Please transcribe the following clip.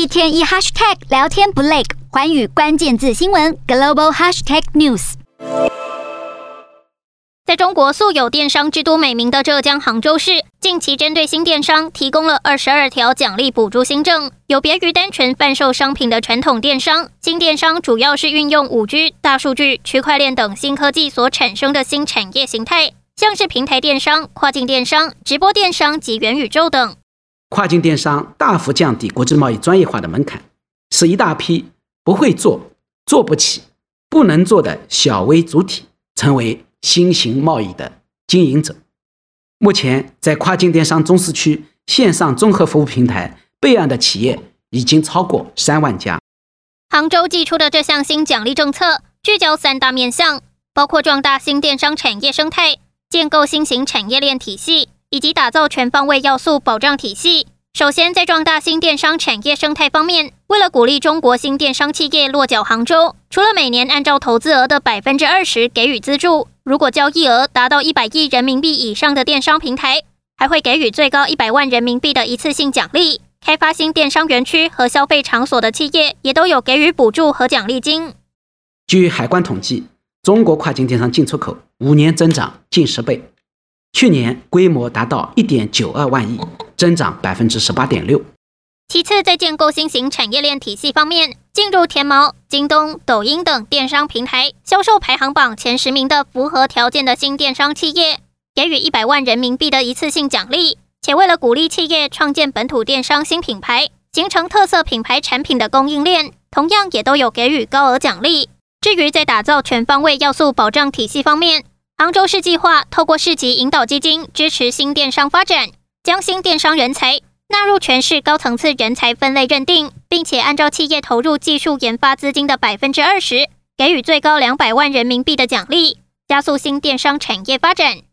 一天一 hashtag 聊天不 lag 寰宇關鍵字新聞 global hashtag news。在中國素有電商之都美名的浙江杭州市，近期針對新電商提供了二十二條獎勵補助新政。有別於單純販售商品的傳統電商，新電商主要是運用五 G、大數據、區塊鏈等新科技所產生的新產業形態，像是平台電商、跨境電商、直播電商及元宇宙等。跨境電商大幅降低國際貿易專業化的門檻，使一大批不會做、做不起、不能做的小微主體成為新型貿易的經營者。目前，在跨境電商綜試區線上綜合服務平台備案的企業已經超過三萬家。杭州祭出的這項新獎勵政策聚焦三大面向，包括壯大新電商產業生態，建構新型產業鏈體系，以及打造全方位要素保障體系。首先，在壯大新電商產業生態方面，為了鼓勵中國新電商企業落腳杭州，除了每年按照投資額的百分之二十給予資助，如果交易額達到一百億人民幣以上的電商平台，還會給予最高一百萬人民幣的一次性獎勵。開發新電商園區和消費場所的企業也都有給予補助和獎勵金。據海關統計，中國跨境電商進出口五年增長近十倍。去年規模達到一點九二萬億，增長百分之十八點六。其次，在建構新型產業鏈體系方面，進入天貓、京東、抖音等電商平台銷售排行榜前十名的符合條件的新電商企業，給予一百萬人民幣的一次性獎勵。且為了鼓勵企業創建本土電商新品牌，形成特色品牌產品的供應鏈，同樣也都有給予高額獎勵。至於在打造全方位要素保障體系方面，杭州市計劃透過市級引導基金支持新電商發展，將新電商人才納入全市高層次人才分類認定，並且按照企業投入技術研發資金的百分之二十，給予最高兩百萬人民幣的獎勵，加速新電商產業發展。